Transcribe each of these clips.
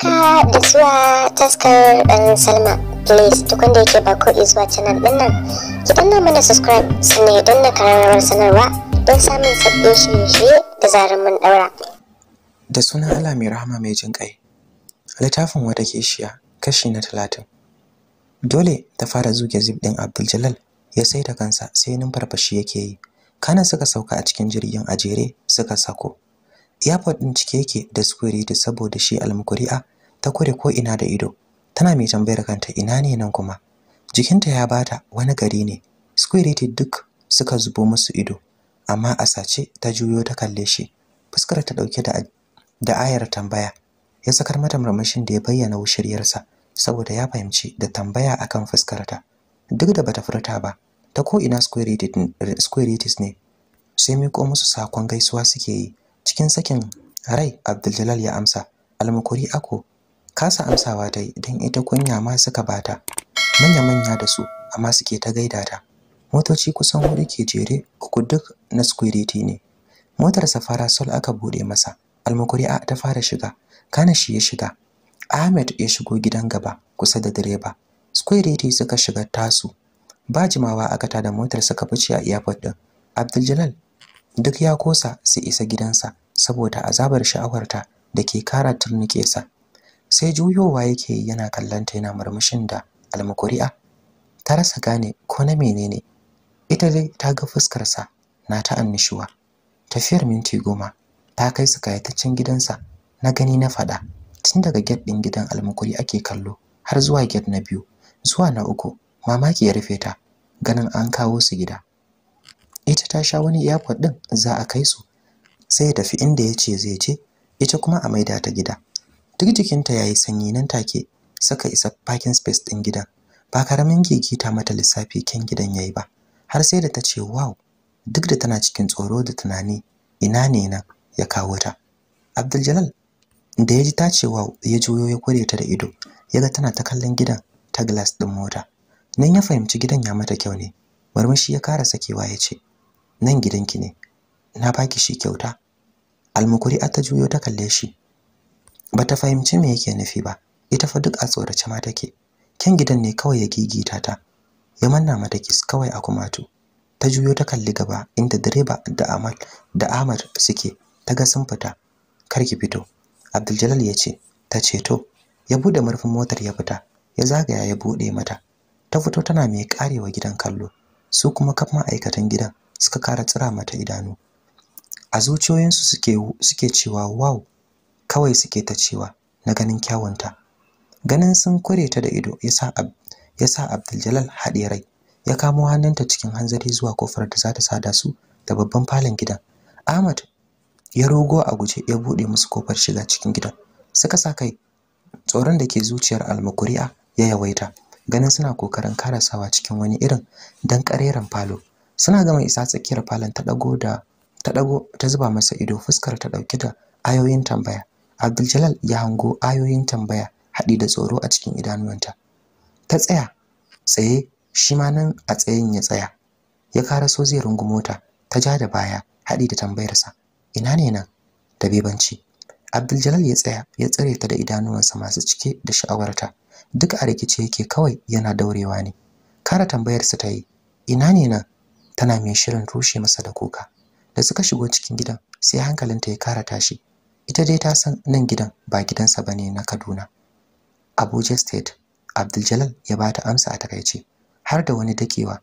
haka da zuwa taskar dan salma please duk wanda yake ba ko zuwa canal din nan ki danna mana subscribe sannan ya danna karamar sanarwa don samun sabbin shirye-shirye da zarar mun daura da sunan Allah mai rahama mai jin kai littafin wata keshiya kashi na talatin dole ta fara zuge zip din abdul ya sai da kansa sai fashi yake yi kana suka sauka a cikin jirgin ajere suka sako airport din cike yake da security saboda shi almukuri'a ta kure ko ina da ido tana mai tambayar kanta ina ne nan kuma jikinta ya bata wani gari ne security duk suka zubo musu ido amma a sace ta juyo ta kalle shi fuskar ta dauke da da ayar tambaya ya sakar mata murmushin da ya bayyana wushiryarsa saboda ya fahimci da tambaya akan fuskarta duk da bata furta ba ta ko ina security ne sai miko musu sakon gaisuwa suke yi cikin sakin rai Abdul ya amsa almukuri ako kasa amsawa ta yi don ita kunya ma suka bata manya-manya da su amma suke ta gaida ta motoci kusan hudu ke jere uku duk na security ne motar safara sol aka bude masa almukuri'a ta fara shiga kana shi ya shiga ahmed ya shigo gidan gaba kusa da direba security suka shiga tasu ba jimawa aka da motar suka fice a airport din abdul duk ya kosa su isa gidansa saboda azabar sha'awarta da ke kara turnike sa sai juyowa yake yi yana kallanta yana murmushin da almukuri'a ta rasa gane ko na menene ita dai ta ga fuskarsa na ta annishuwa tafiyar minti goma ta kai su kayataccen gidansa na gani na faɗa tun daga get ɗin gidan almukuri ake kallo har zuwa get na biyu zuwa na uku mamaki ya rufe ta ganin an kawo su gida ita ta sha wani airport ɗin za a kai su sai ya tafi inda ya ce zai je ita kuma a maida ta gida duk jikinta yayi sanyi nan take saka isa parking space ɗin gidan ba karamin gigita mata lissafi kyan gidan yayi ba har sai da ta ce wow duk da tana cikin tsoro da tunani ina ne na ya kawo ta Abdul da ya ji ta ce wow ya juyo ya kore ta da ido ya ga tana ta kallon gidan ta glass ɗin mota nan ya fahimci gidan ya mata kyau ne murmushi ya kara sakewa ya ce nan gidanki ne na baki shi kyauta almukuri ta juyo ta kalle shi bata fahimci me yake nufi ba ita fa duk a tsorace ma take kyan gidan ne kawai ya gigita ta ya manna mata kis kawai a kumatu ta juyo ta kalli gaba inda direba da Amal da Ahmad suke ta ga sun fita kar ki fito Abdul ya ce ta ce to ya bude murfin motar ya fita ya zagaya ya bude mata ta fito tana mai karewa gidan kallo su kuma kaf ma'aikatan gidan suka kara tsira mata idanu a zuciyoyinsu suke suke cewa wow kawai suke ta cewa na ganin kyawunta ganin sun kure ta da ido yasa yasa Abdul haɗe rai ya kamo hannunta cikin hanzari zuwa kofar da za ta sada su da babban falon gidan Ahmad ya rogo a guje ya bude musu kofar shiga cikin gidan suka sa kai tsoron da ke zuciyar kuri'a, ya yawaita ganin suna kokarin karasawa cikin wani irin dan kareran falo suna gama isa tsakiyar falon ta dago da ta dago ta zuba masa ido fuskar ta dauke da ayoyin tambaya Abdul ya hango ayoyin tambaya haɗi da tsoro a cikin idanuwanta. Ta tsaya tsaye shi ma nan a tsayin ya tsaya. Ya karaso zai rungumo ta, ta ja da baya haɗi da tambayarsa. Ina ne nan? Da bebanci. Abdul ya tsaya ya tsare ta da idanuwansa masu cike da sha'awarta. Duk a rikice yake kawai yana daurewa ne. Kara tambayarsa ta yi, ina ne nan? Tana mai shirin rushe masa da kuka. Da suka shigo cikin gidan sai hankalinta ya kara tashi ita dai ta san nan gidan ba gidansa bane na Kaduna Abuja State Abdul ya bata amsa a takaice har da wani dakewa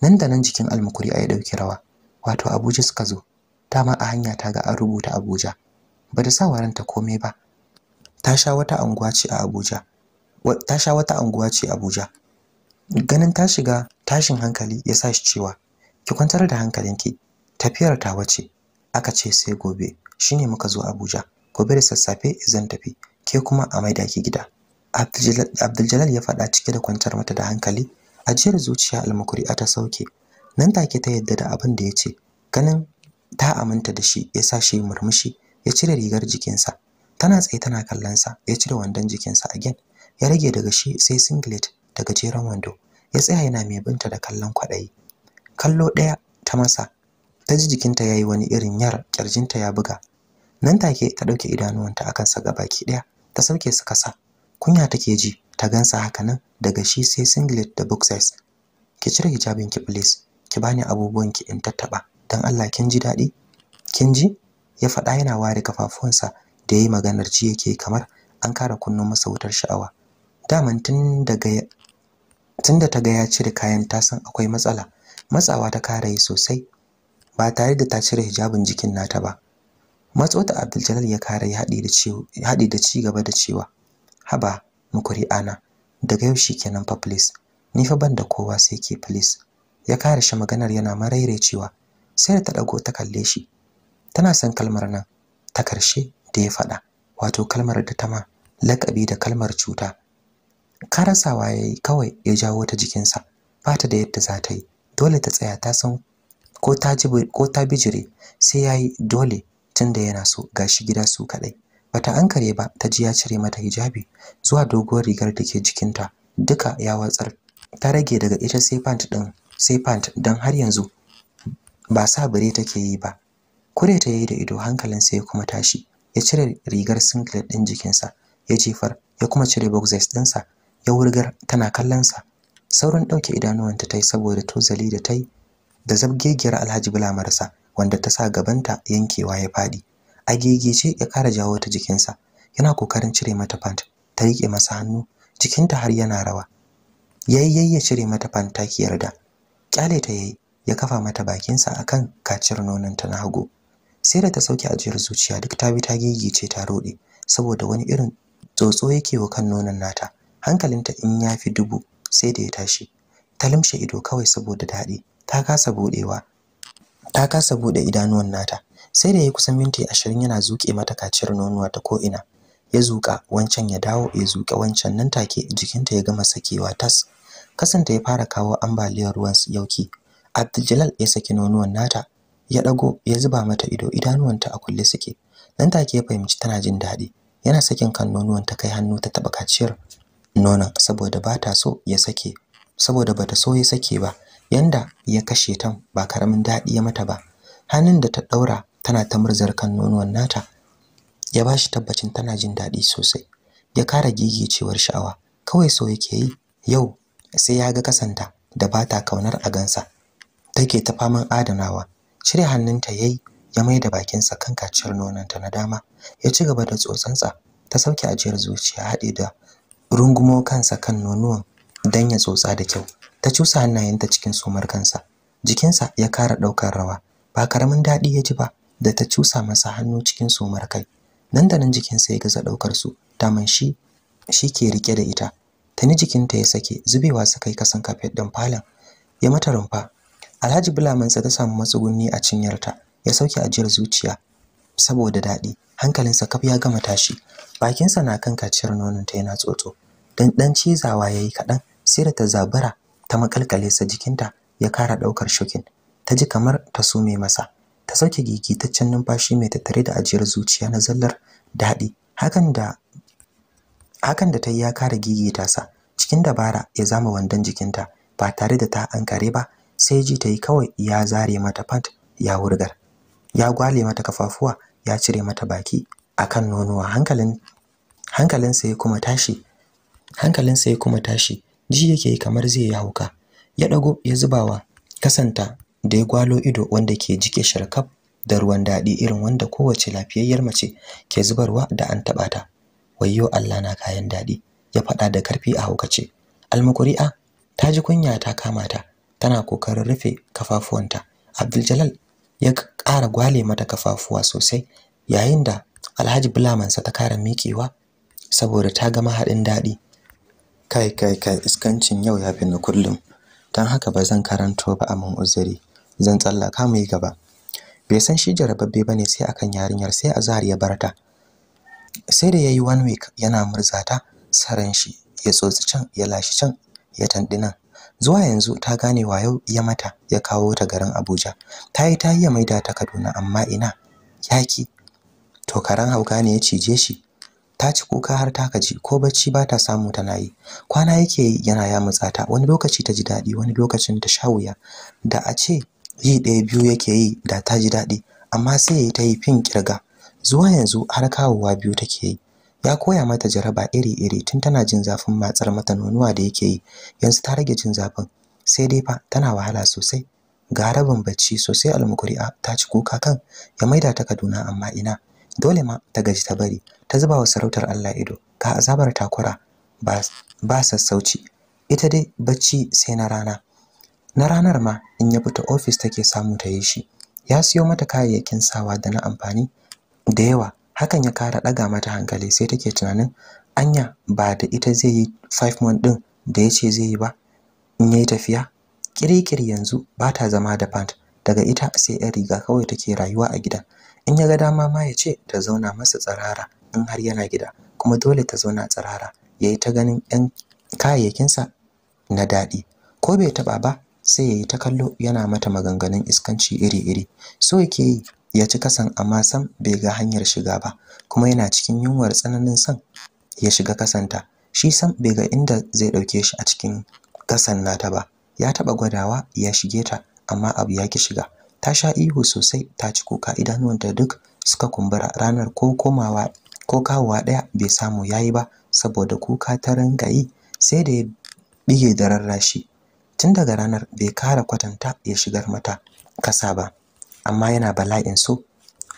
nan da nan jikin almukuri ya dauki rawa wato Abuja suka zo ta ma a hanya ta ga an rubuta Abuja ba da sa waranta komai ba ta sha wata anguwa ce a Abuja ta sha wata anguwa ce Abuja ganin ta shiga tashin hankali ya sa shi cewa ki kwantar da hankalinki tafiyar ta wace aka ce sai gobe Shi ne muka zo Abuja gobe da sassafe zan tafi ke kuma a maida ki gida Abdul ya faɗa cike da kwantar mata da hankali ajiyar zuciya almukuri ata sauke nan take ta yadda da abin da ya ce ganin ta aminta da shi ya sa shi murmushi ya cire rigar jikinsa tana tsaye tana kallon sa ya cire wandon jikinsa again ya rage daga shi sai singlet da gajeren wando ya tsaya yana mai binta da kallon kwaɗayi kallo ɗaya ta masa ta ji jikinta ya yi wani irin yar ƙirjinta ya buga nan take ta ɗauke idanuwanta a kansa ki ɗaya ta sauke su kasa kunya take ji ta gansa haka nan daga shi sai singlet da boxers ki cire hijabin ki please ki bani abubuwan ki in tattaba dan Allah kin ji daɗi kin ji ya faɗa yana ware kafafuwansa da yayi maganar ji yake kamar an kara kunnun masa wutar sha'awa daman tun daga tunda ta ga ya cire kayan ta san akwai matsala matsawa ta kara yi sosai ba tare da ta cire hijabin jikin nata ba matsota da Abdul ya kare ya haɗi da ci gaba da cewa haba mukuri ana daga yau shikenan fa please ni fa ban da kowa sai ke please ya kare shi maganar yana maraire cewa sai da ta dago ta kalle shi tana son kalmar nan ta karshe da ya faɗa wato kalmar da ta ma lakabi da kalmar cuta karasawa yayi kawai ya jawo ta jikinsa ba da yadda za ta yi dole ta tsaya ta san ko ta ko ta bijire sai yayi dole tun da yana so ga shi gida su kadai bata ankare ba ta ji ya cire mata hijabi zuwa doguwar rigar da ke jikinta duka ya watsar ta rage daga ita sai pant din sai pant dan har yanzu ba sa bire take yi ba kure ta yi da ido hankalin sai kuma tashi ya cire rigar singlet din jikinsa ya jefar ya kuma cire boxers dinsa ya wurgar tana kallon sa saurin dauke idanuwanta tai saboda tozali da tai da zabgegiyar Alhaji Marsa wanda ta sa gabanta yankewa ya fadi. Agegece ya kara jawo ta jikinsa. Yana kokarin cire mata pant. Ta rike masa hannu, jikinta har yana rawa. Yayi ya cire mata pant ta ki yarda. Kyale ta yayi, ya kafa mata bakinsa akan kacir ta na hagu. Sai da ta sauke ajiyar zuciya duk ta bi ta gegece ta rode saboda wani irin tsotso yake wa kan nonon nata. Hankalinta in ya fi dubu sai da ya tashi. Ta limshe ido kawai saboda daɗi. ta kasa budewa ta kasa bude idanuwan nata sai da ya kusan minti 20 yana zuke mata kaciyar nonuwa ta ko ina ya zuka wancan ya dawo ya zuka wancan nan take jikinta ya gama sakewa tas kasanta ya fara kawo ambaliyar ruwan yauki Abdul ya saki nonuwan nata ya dago ya zuba mata ido idanuwanta a kulle suke nan take ya fahimci tana jin daɗi yana sakin kan nonuwan ta kai hannu ta taba kaciyar nonon saboda ba ta so ya sake saboda bata so ya sake ba yanda ya kashe tan ba karamin daɗi ya mata ba hannun da ta ɗaura tana ta murzar kan nonuwan nata ya ba shi tabbacin tana jin daɗi sosai ya kara gigicewar sha'awa kawai so yake yi yau sai ya ga kasanta da ba ta kaunar a gansa take ta faman adanawa cire hannunta yayi ya mai da bakinsa kan kaciyar nononta na dama ya ci gaba da tsotsansa ta sauke ajiyar zuciya haɗe da rungumo kansa kan nonuwan don ya tsotsa da kyau ta cusa hannayenta cikin sumar kansa jikinsa ya kara ɗaukar rawa ba karamin daɗi ya ji ba da ta cusa masa hannu cikin sumar kai nan da nan jikinsa ya gaza daukar su daman shi shi ke rike da ita tani jikinta ya sake zubewa su kai kasan kafet din falon ya mata rumfa Alhaji sa ta samu matsugunni a cinyarta ya sauke ajiyar zuciya saboda daɗi. hankalinsa kaf ya gama tashi bakinsa na kan kaciyar nononta yana tsotso dan dan cizawa yayi kaɗan, sai da ta zabara ta makalkale sa jikinta ya kara daukar shokin ta ji kamar ta sume masa ta sauke gigitaccen numfashi mai tattare da ajiyar zuciya na zallar daɗi hakan da hakan da ta yi ya kara gigita sa cikin dabara ya zama wandon jikinta ba tare da ta ankare ba sai ji ta yi kawai ya zare mata pant ya wurgar ya gwale mata kafafuwa ya cire mata baki akan nonuwa hankalin hankalinsa ya kuma tashi hankalinsa ya kuma tashi ji yake yi kamar zai yi hauka ya dago ya zubawa kasanta da ya gwalo ido wanda ke jike sharkaf da ruwan daɗi irin wanda kowace lafiyayyar mace ke zubarwa da an taɓata. ta wayyo Allah na kayan daɗi ya faɗa da karfi a haukace almukuri'a ta ji kunya ta kama ta tana kokarin rufe kafafuwanta Abduljalal ya ƙara gwale mata kafafuwa sosai yayin da Alhaji Bulamansa ta kara mikewa saboda ta ga haɗin daɗi Kai kai kai iskancin yau ya fi na kullum. Don haka ba zan karanto ba amin uzuri. Zan tsallaka mu gaba. Bai san shi jarababbe ba ne sai akan yarinyar sai Azhar ya barta. Sai da yayi one week yana murzata saran shi ya tsotsi can ya lashi can ya tandina Zuwa yanzu ta gane yau ya mata ya kawo ta garin Abuja. Ta yi ta mai maida ta Kaduna amma ina yaki to karan hauka ne ya cije shi ta ci kuka har ta kaji, ko bacci ba ta samu tana yi kwana yake yana ya mutsata wani lokaci ta ji daɗi wani lokacin ta sha wuya da a ce yi ɗaya biyu yake yi da ta ji daɗi amma sai ya ta yi fin kirga zuwa yanzu har kawowa biyu take yi ya koya mata jaraba iri-iri tun tana jin zafin matsar mata nonuwa da yake yi yanzu ta rage jin zafin sai dai fa tana wahala sosai ga rabin bacci sosai almukuri'a ta ci kuka kan ya maida ta kaduna amma ina dole ma ta gaji ta bari ta zuba wa sarautar Allah ido ga azabar takura ba ba sassauci ita dai bacci sai na rana na ranar ma in ya fita office take samu ta yi shi ya siyo mata kayayyakin sawa da na amfani da yawa hakan ya kara daga mata hankali sai take tunanin anya ba da ita zai yi 5 month din da ya ce zai yi ba in yayi tafiya Kirikiri yanzu ba ta zama da pant daga ita sai yan riga kawai take rayuwa a gidan in ya ga dama ma ya ce ta zauna masa tsirara in har yana gida kuma dole ta zauna tsirara ya yi ta ganin 'yan kayayyakinsa na daɗi ko bai taɓa ba sai ya yi ta kallo yana mata maganganun iskanci iri-iri so yake yi ya ci kasan amma sam bai ga hanyar shiga ba kuma yana cikin yunwar tsananin san ya shiga kasanta shi san bai ga inda zai ɗauke shi a cikin kasan nata ba ya taɓa gwadawa ya shige ta amma abu ya ki shiga ta sha ihu sosai ta ci kuka idanuwanta duk suka kumbura ranar ko komawa ko kawowa ɗaya bai samu yayi ba saboda kuka ta ringa yi sai da ya bige da rarrashi tun daga ranar bai kara kwatanta ya shigar mata kasa ba amma yana bala'in so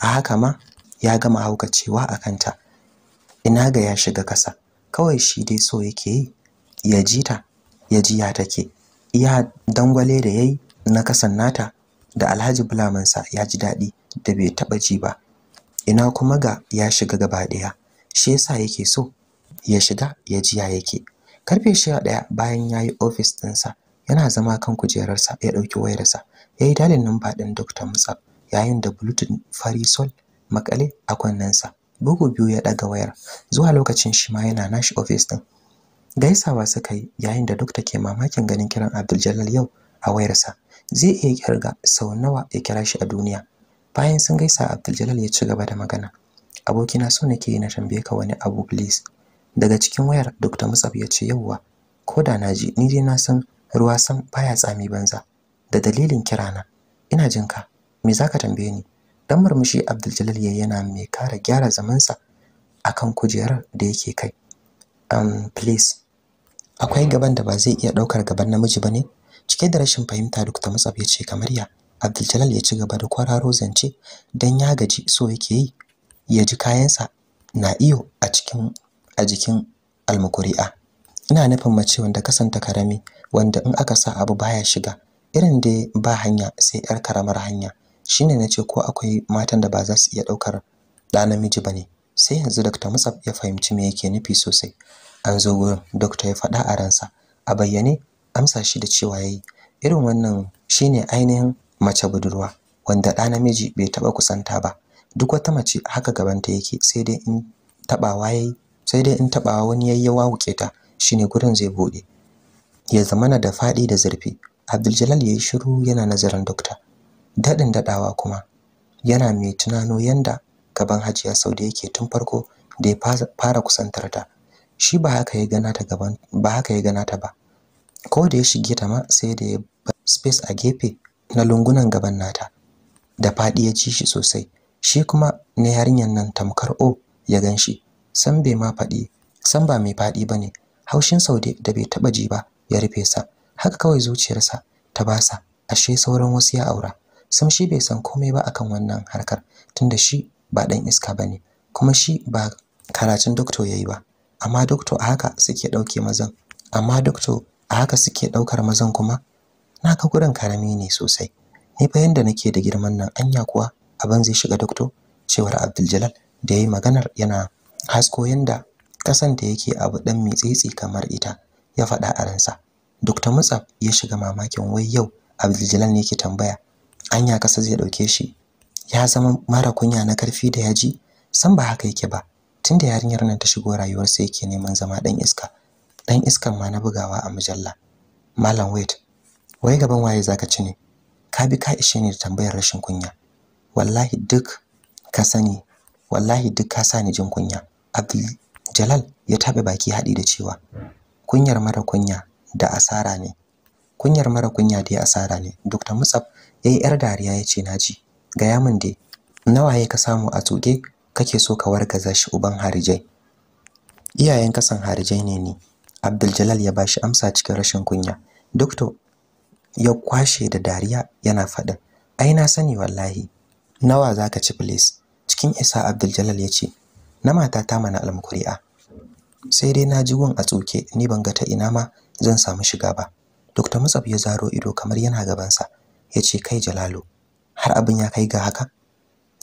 a haka ma ya gama haukacewa a kanta ina ga ya shiga kasa kawai shi dai so yake yi ya ji ta ya ji ya take iya dangwale da yayi na kasan nata da Alhaji Bulamansa ya ji daɗi da bai taɓa ji ba. Ina kuma ga ya shiga gaba ɗaya, shi yasa yake so ya shiga ya ji ya yake. Karfe sha ɗaya bayan ya yi ofis ɗinsa yana zama kan kujerarsa ya ɗauki wayarsa ya yi dalin namba ɗin Dr. Musa yayin da Bluetooth Farisol makale a kunnensa. Bugu biyu ya ɗaga wayar zuwa lokacin shi ma yana nashi ofis ɗin. Gaisawa suka yi yayin da Dokta ke mamakin ganin kiran Abdul yau a wayarsa. zai iya kirga sau nawa ya kira shi a duniya bayan sun gaisa Abdul ya ci gaba da magana abokina so nake yi na tambaye ka wani abu please daga cikin wayar Dr. Musab ya ce yauwa ko da naji ni dai na san ruwa san baya tsami banza da dalilin kirana ina jin ka me za ka tambaye ni dan murmushi Abdul ya yana mai kara gyara zamansa akan kujerar da yake kai um please akwai gaban da ba zai iya daukar gaban namiji bane cike da rashin fahimta Dr. Musab ya ce kamar ya Abdul ya ci gaba da kwararo zance dan ya gaji so yake yi ya ji kayansa na iyo a cikin a jikin almukuri'a ina nufin mace wanda kasanta karami wanda in aka sa abu baya shiga irin da ba hanya sai yar karamar hanya shine nace ko akwai matan da ba za su iya daukar da namiji bane sai yanzu Dr. Musab ya fahimci me yake nufi sosai an zo wurin Dr. ya faɗa a ransa a bayyane amsa shi da cewa yayi irin wannan shine ainihin mace budurwa wanda ɗa namiji bai taɓa kusanta ba duk wata mace haka gabanta yake sai dai in taɓawa yayi sai dai in taɓawa wani yayyawa wuke ta shine gurin zai bude ya zamana da faɗi da zurfi Abdul yayi shiru yana nazarin dokta dadin dadawa kuma yana mai tunano yanda gaban Hajiya Saude yake tun farko da ya fara kusantar ta shi ba haka ya gana ta gaban ba haka ya gana ta ba ko da ya shige ta ma sai da ya space a gefe na lungunan gaban nata da faɗi ya ci shi sosai shi kuma na yarinyan nan tamkar o ya gan shi san bai ma faɗi san ba mai faɗi bane haushin saude da bai taɓa ji ba ya rufe sa haka kawai zuciyarsa ta basa ashe sauran wasu ya aura sam shi bai san komai ba akan wannan harkar tunda shi ba dan iska bane kuma shi ba karatun doctor yayi ba amma doctor a haka suke dauke mazan amma doctor a haka suke ɗaukar mazan kuma na ga gurin karami ne sosai ni fa yanda nake da girman nan anya kuwa abin zai shiga doctor cewar Abdul da yayi maganar yana hasko yanda kasan da yake abu dan mitsitsi kamar ita ya faɗa a ransa Dokta Mutsaf ya shiga mamakin wai yau Abdul ne yake tambaya anya kasa zai dauke shi ya zama mara kunya na karfi da yaji san ba haka yake ba tunda yarinyar nan ta shigo rayuwar sa yake neman zama dan iska dan iskan ma na bugawa a mujalla malam wait wai gaban waye zaka ci ne ka bi ka ishe ni da tambayar rashin kunya wallahi duk ka sani wallahi duk ka sani jin kunya abdul jalal ya tabe baki hadi da cewa kunyar mara kunya da asara ne kunyar mara kunya da asara ne dr musab yayi yar dariya yace naji gaya min dai nawa waye ka samu a tuge kake so ka wargaza shi uban harijai iyayen kasan harijai ne ni Abdul ya bashi amsa cikin rashin kunya. Doctor ya kwashe da dariya yana faɗin, "Ai na sani wallahi. Nawa zaka ci please?" Cikin isa Abdul ya ce, "Na mata ta mana almukuri'a." Sai dai na ji gun a tsoke, ni ban ga ta ina ma zan samu shiga ba. Dr. Mutsaf ya zaro ido kamar yana gabansa, ya ce, "Kai Jalalu, har abin ya kai ga haka?"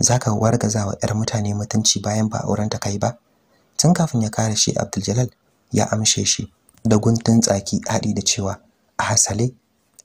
zaka wargazawa 'yar mutane mutunci bayan ba auren ta kai ba tun kafin ya kare shi Abdul ya amshe shi da guntun tsaki haɗi da cewa a hasale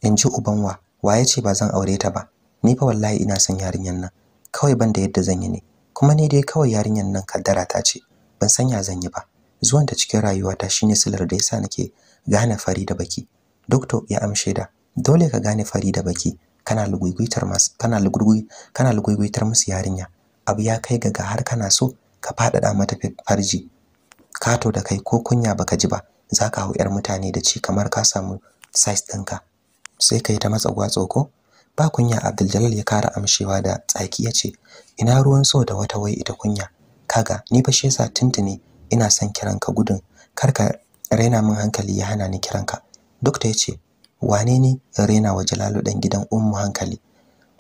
in ji ubanwa wa ya ce ba zan aure ta ba ni fa wallahi ina son yarinyar nan kawai ban da yadda zan yi ne kuma ni dai kawai yarinyar nan kaddara ta ce ban san ya zan yi ba zuwan ta cikin rayuwata shine silar da yasa nake gane fari da baki doctor ya amshe da dole ka gane fari da baki kana lugugwitar mas kana lugugwi kana lugugwitar musu yarinya abu ya kai ga har kana so ka faɗaɗa mata farji kato da kai ko kunya baka ji ba zaka hau yar mutane da ci kamar ka samu size ɗinka sai kai ta matsa gwatso ko ba kunya Abdul ya kara amshewa da tsaki ya ce, ina ruwan so da wata wai ita kunya kaga ni ba shi yasa tuntuni ina son kiranka gudun kar ka raina min hankali ya hana ni kiran kiranka dokta yace wane ne raina wa Jalalu dan gidan ummu hankali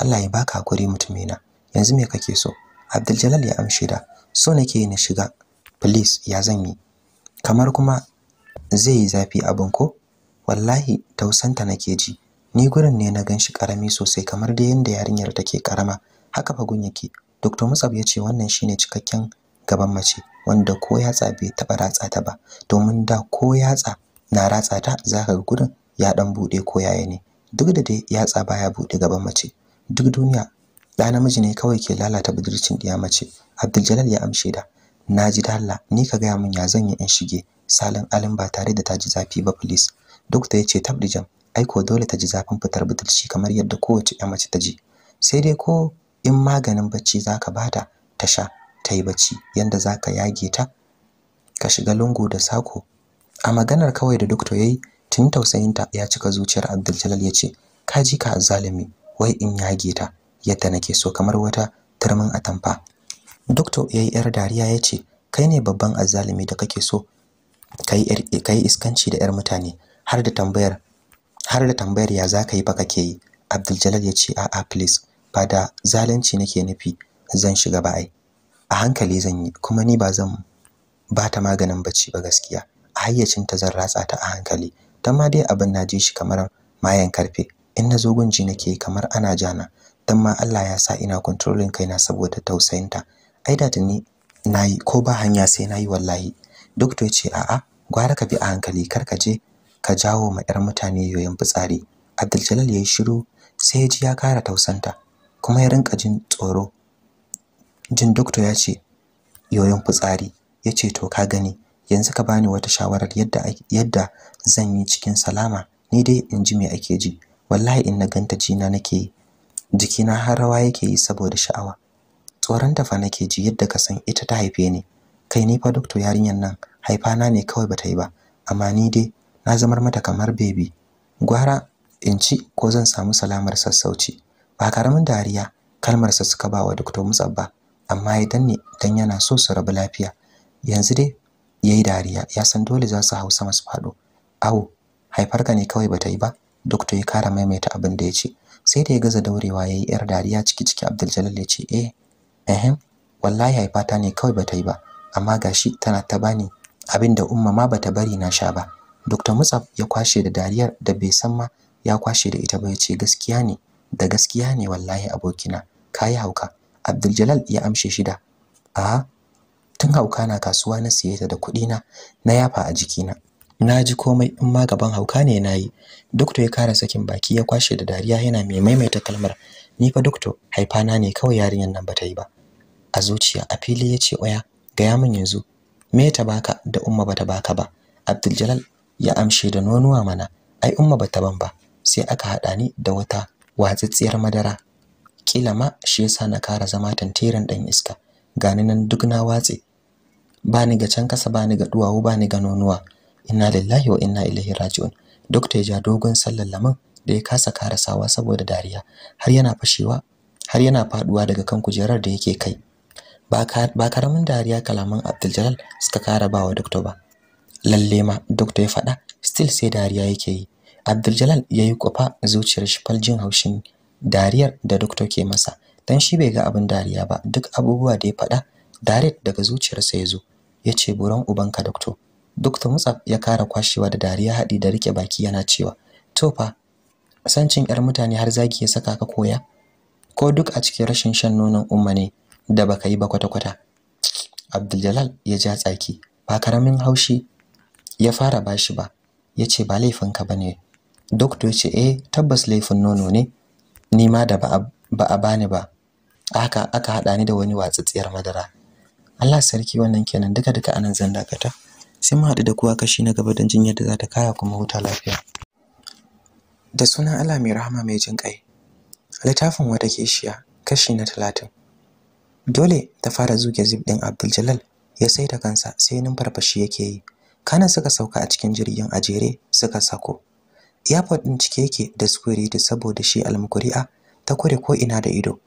Allah ya baka hakuri mutumina yanzu me kake so Abdul ya amshe da so nake na shiga please ya zan yi kamar kuma zai yi zafi abin ko wallahi tausanta nake ji ni gurin ne na ganshi karami sosai kamar da yanda yarinyar take karama haka fa gun yake Dr. Musab ya ce wannan shine cikakken gaban mace wanda ko yatsa bai taba ratsa ta ba domin da ko yatsa na ratsa ta zaka ga gurin ya dan bude ko yaya ne duk da dai yatsa baya bude gaban mace duk duniya da namiji ne kawai ke lalata budurcin diya mace Abdul ya amshe da Na naji dalla ni ka gaya min ya zan yi in shige salon alin ba tare da ta ji zafi ba please doctor ya ce ai aiko dole ta ji zafin fitar butulci kamar yadda kowace ƴa mace ta ji sai dai ko in maganin bacci zaka bata ta sha ta yi bacci yanda zaka yage ta ka shiga lungu da sako a maganar kawai da doctor yayi tun tausayinta ya cika zuciyar Abdul ya ce ka ji ka zalimi wai in yage ta yadda nake so kamar wata turmin atamfa ya yayi yar dariya ya ce, kai ne babban azzalumi da kake so kai kai iskanci da yar mutane har da tambayar har da tambayar yi ba kake yi Abdul Jalal yace a a please ba da zalunci nake nufi zan shiga ba ai a hankali zan yi kuma ni ba zan ba ta maganin bacci ba gaskiya a hayyacin zan ratsa ta a hankali dan ma dai abin na ji shi kamar mayan karfe in na zo gunji nake kamar ana jana dan ma Allah ya sa ina controlling kaina saboda tausayinta ai da tuni nayi ko ba hanya sai nayi wallahi doctor ya ce a'a gwara ka bi a hankali kar ka je ka jawo ma yar mutane yoyon fitsari Abdul Jalal yayi shiru sai ya ji ya kara tausanta kuma ya rinka jin tsoro jin doctor ya ce yoyon fitsari ya ce to ka gani yanzu ka bani wata shawarar yadda yadda zan yi cikin salama ni dai in ji me ake ji wallahi in na ganta jina nake jikina har rawa yake yi saboda sha'awa tsoron ta fa nake ji yadda ka san ita ta haife ni kai ni fa doctor yarinyar nan haifa na ne kawai bata yi ba amma ni dai na zamar mata kamar baby gwara in ci ko zan samu salamar sassauci ba karamin dariya kalmarsa suka bawa wa doctor Musabba amma ya danne dan yana so su rabu lafiya yanzu dai yayi dariya ya san dole za su hausa masu fado awo ka ne kawai bata yi ba doctor ya kara maimaita abin da ya ce sai da ya gaza daurewa yayi yar dariya ciki ciki Abdul ya ce eh ehem wallahi haifata ne kawai bata yi ba amma gashi tana ta bani abinda umma ma bata bari na sha ba Dr. Mutsaf ya kwashe da dariyar da bai san ma ya kwashe da ita ba ya ce gaskiya ne da gaskiya ne wallahi abokina kayi hauka Abdul ya amshe shida a tun hauka na kasuwa na siye ta da kuɗi na na yafa a jikina na ji komai in ma gaban hauka ne nayi yi ya kara sakin baki ya kwashe da dariya yana mai maimaita kalmar ni fa doctor haifana ne kawai yarinyar nan bata yi ba a zuciya a fili ya ce oya gaya min yanzu me ta baka da umma bata baka ba Abdul ya amshe da nonuwa mana ai umma bata ban ba sai aka hada ni da wata watsitsiyar madara kila ma shi yasa na kara zama tantiran dan iska gani nan duk na watse bani ga can kasa bani ga duwawu bani ga nonuwa inna lillahi wa inna ilaihi raji'un dokta ya ja dogon sallar lamun da ya kasa karasawa saboda dariya har yana fashewa har yana faduwa daga kan kujerar da yake kai ba karamin dariya kalaman Abdul suka kara bawa doctor ba lalle ma doctor ya faɗa still sai dariya yake yi Abdul ya yi kwafa zuciyar shi faljin haushin dariyar da doctor ke masa dan shi bai ga abin dariya ba duk abubuwa da ya faɗa direct daga zuciyarsa ya zo ya ce buran ubanka doctor doctor Mutsaf ya kara kwashewa da dariya haɗi da rike baki yana cewa to fa sancin yar mutane har zaki ya saka ka koya ko duk a cikin rashin shan nonon umma ne da baka yi ba kwata-kwata Abdul ya ja tsaki ba karamin haushi ya fara bashi ba Ya ce ba laifin laifinka bane ya ce eh tabbas laifin nono ne ni ma da ba a bani ba haka aka hada ni da wani watsatsiyar madara Allah sarki wannan kenan duka duka anan zan dakata sai mu haɗu da kuwa kashi na gaba don jin yadda za ta kaya kuma huta lafiya da sunan Allah mai rahama mai jin ƙai littafin wata keshiya kashi na talatin dole ta fara zuke zip din Abdul Jalal ya da kansa sai numfarfashi yake yi kana suka sauka a cikin jirgin ajere suka sako airport din cike yake da security saboda shi almukuri'a ta kore ko ina da ido